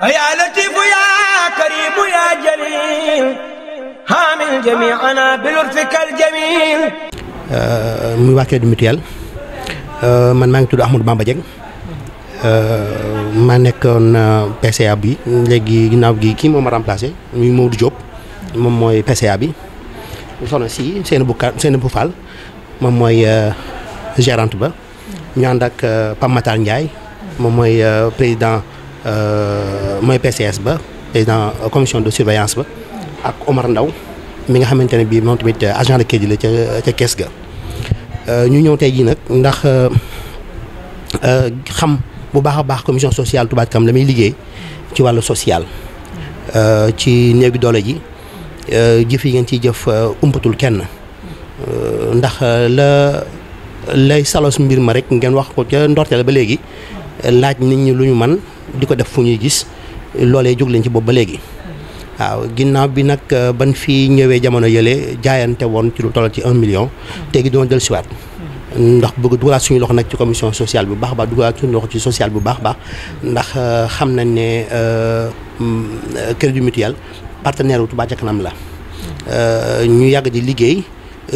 yaa muy waa Crédit Mutuel man maa ngi tudd Ahmadou ma Dieng maa nekkoon PCA bi léegi ginnaaw gi ki moom ma remplacé muy Maodo Diop moom mooy PCA bi soxna si seen bu ka seen bu Fall moom mooy euh, gérante ba ñu ànd ak euh, Pape Matar moom mooy euh, président Euh, mooy PCS ba président euh, commission de surveillance ba ak Omar Ndaw mi nga xamante ne bii moom tamit euh, agent de crédit ca ca kes ga. ñu ñëw tey jii nag ndax xam bu baax a baax commission sociale Touba kam la muy liggéey ci wàllu social ci néegi doole ji jëf yi ngeen ciy jëf umpatul kenn ndax la lay salos mbir ma rek ngeen wax ko ca ndorteel ba léegi laaj nit ñi lu ñu man di ko def fu ñuy gis loolee jóg leen ci boobu ba léegi. waaw ginnaaw bi nag euh, ban fi ñëwee jamono yële jaayante woon ci lu toll ci un million. tey gi doon dellusiwaat. ndax bëgg dugalaat suñu loxo nag ci commission sociale bu baax a baax ci sociale bu baax baax ndax euh, xam na ne euh, crédit mutuel partenaire wu Touba ca kanam la. ñu yàgg di liggéey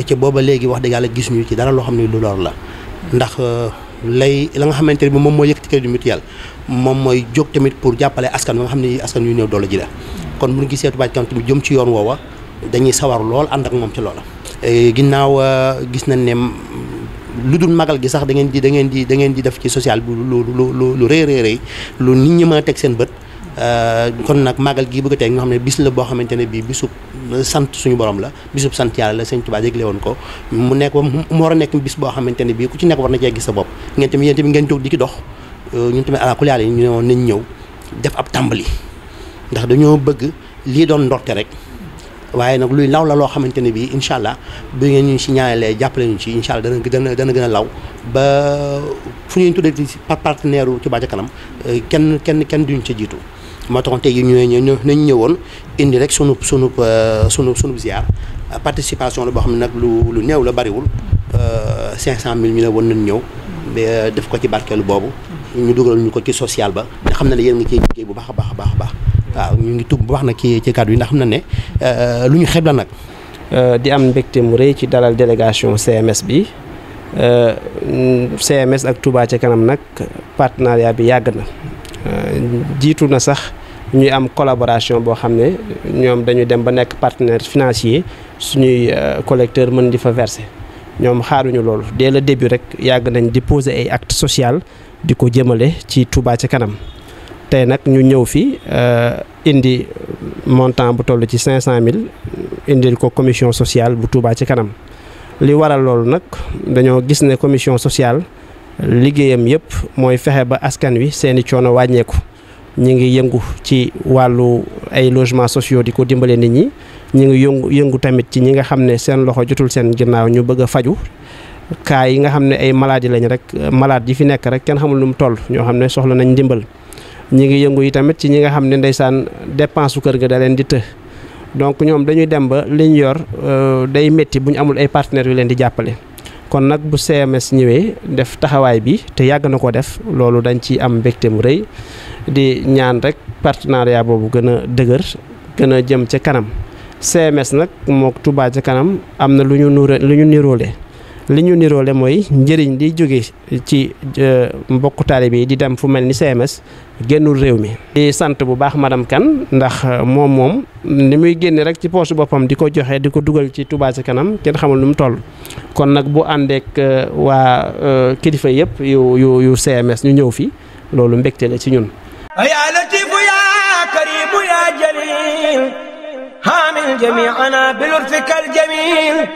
ca booba léegi wax dëgg yàlla gis ñu ci dara loo xam ne lu lor la ndax. lay la nga xamante ne bi moom mooy yëkkati crédit mutuel moom mooy jóg tamit pour jàppale askan bi nga xam ne askan yu néew doole ji la kon bu ñu gisee Touba Ca Kanam tamit jëm ci yoon woowa dañuy sawar lool ànd ak moom ci loola e, ginnaaw euh, gis na ne lu dul magal gi sax da ngeen di da ngeen di dangeen di def ci sociale bi lu lu lu lu rëy rëy lu nit ñi ma teg seen bët Euh, kon nag magal gii bëgg a nga xam ne bis la boo xamante ne bii bisub euh, sant suñu borom la bisub sant yàlla la sëñ Tuubaa yëgle woon ko mu nekk mu war a nekk bis boo xamante ne bii ku ci nekk war na cee gis sa bopp ngeen tamit yéen tamit ngeen jóg di ki dox euh, ñun tamit ala kulli ñu ne nañ ñëw def ab tàmbali ndax dañoo bëgg lii doon ndorte rek waaye nag luy law la loo xamante ne bii incha allah bu ngeen ñu si ñaanalee jàppale ñu ci incha allah dana dana dana gën a law ba fu ñuy tuddee ci partenaire u Touba kanam kenn kenn kenn duñ ca jiitu matron tey yi ñu nañu ñëwoon indi rek sunu sunu euh, sunu sunu ziar participation la boo xam ne nag lu lu néew la bariwul euh, cinq cent mille ñu ne woon nañu ñëw euh, def ko ci barkeelu boobu ñu dugal ñu ko ci social ba nga xam ne yéen ngi ciy liggéey bu baax a baax baax a waaw ñu ngi tub bu baax nag ci ci kàddu yi ndax xam na ne lu ñu xeeb la nag di am mbégte mu rëy ci dalal délégation CMS bi CMS ak tubaa ca kanam nag partenariat bi yàgg na Euh, jiitu na sax ñuy am collaboration boo xam ne ñoom dañu dem ba nekk partenaire financier suñuy euh, collecteur mën di fa verser ñoom xaaruñu loolu dès le début rek yàgg nañ di poser ay acte sociale di ko jëmale ci Touba ci kanam tey nag ñu ñëw fi euh, indi montant bu toll ci cinq cent mille indil ko commission sociale bu Touba ci kanam li waral loolu nag dañoo gis ne commission sociale liggéeyam yëpp mooy fexe ba askan wi seeni coono wàññeeku ñi ngi yëngu ci wàllu ay logements sociaux di ko dimbale nit ñi ñi ngi yëngu yëngu tamit ci ñi nga xam ne seen loxo jotul seen ginnaaw ñu bëgg a faju cas yi nga xam ne ay maladies lañ rek malade yi fi nekk rek kenn xamul lu mu toll ñoo xam ne soxla nañ ndimbal ñi ngi yëngu yi tamit ci ñi nga xam ne ndeysaan dépense su kër ga da leen di të donc ñoom dañuy dem ba liñ yor euh, day métti bu ñu amul ay partenaires yu leen di jàppale kon nag bu CMS ñëwee def taxawaay bi te yàgg na ko def loolu dañ ci am mbégte mu rëy di ñaan rek partenariat boobu gën a dëgër gën a jëm ca kanam CMS nag moo Touba ca kanam am na lu ñu nure lu ñu niroole li ñu niroole mooy njëriñ li jóge ci euh, mbokku taalibe yi di dem fu mel ni CMS génnul réew mi. di sant bu baax madame kan ndax euh, moom moom ni muy génne rek ci poosu boppam di ko joxe di ko dugal ci Touba ca kanam kenn xamul nu mu toll. kon nag bu àndeek euh, waa euh, kilifa yëpp yu CMS ñu ñëw fi loolu mbégte la ci ñun yaa latifu yaa karimu yaa jalil haamil jamiana bilurfikal jamil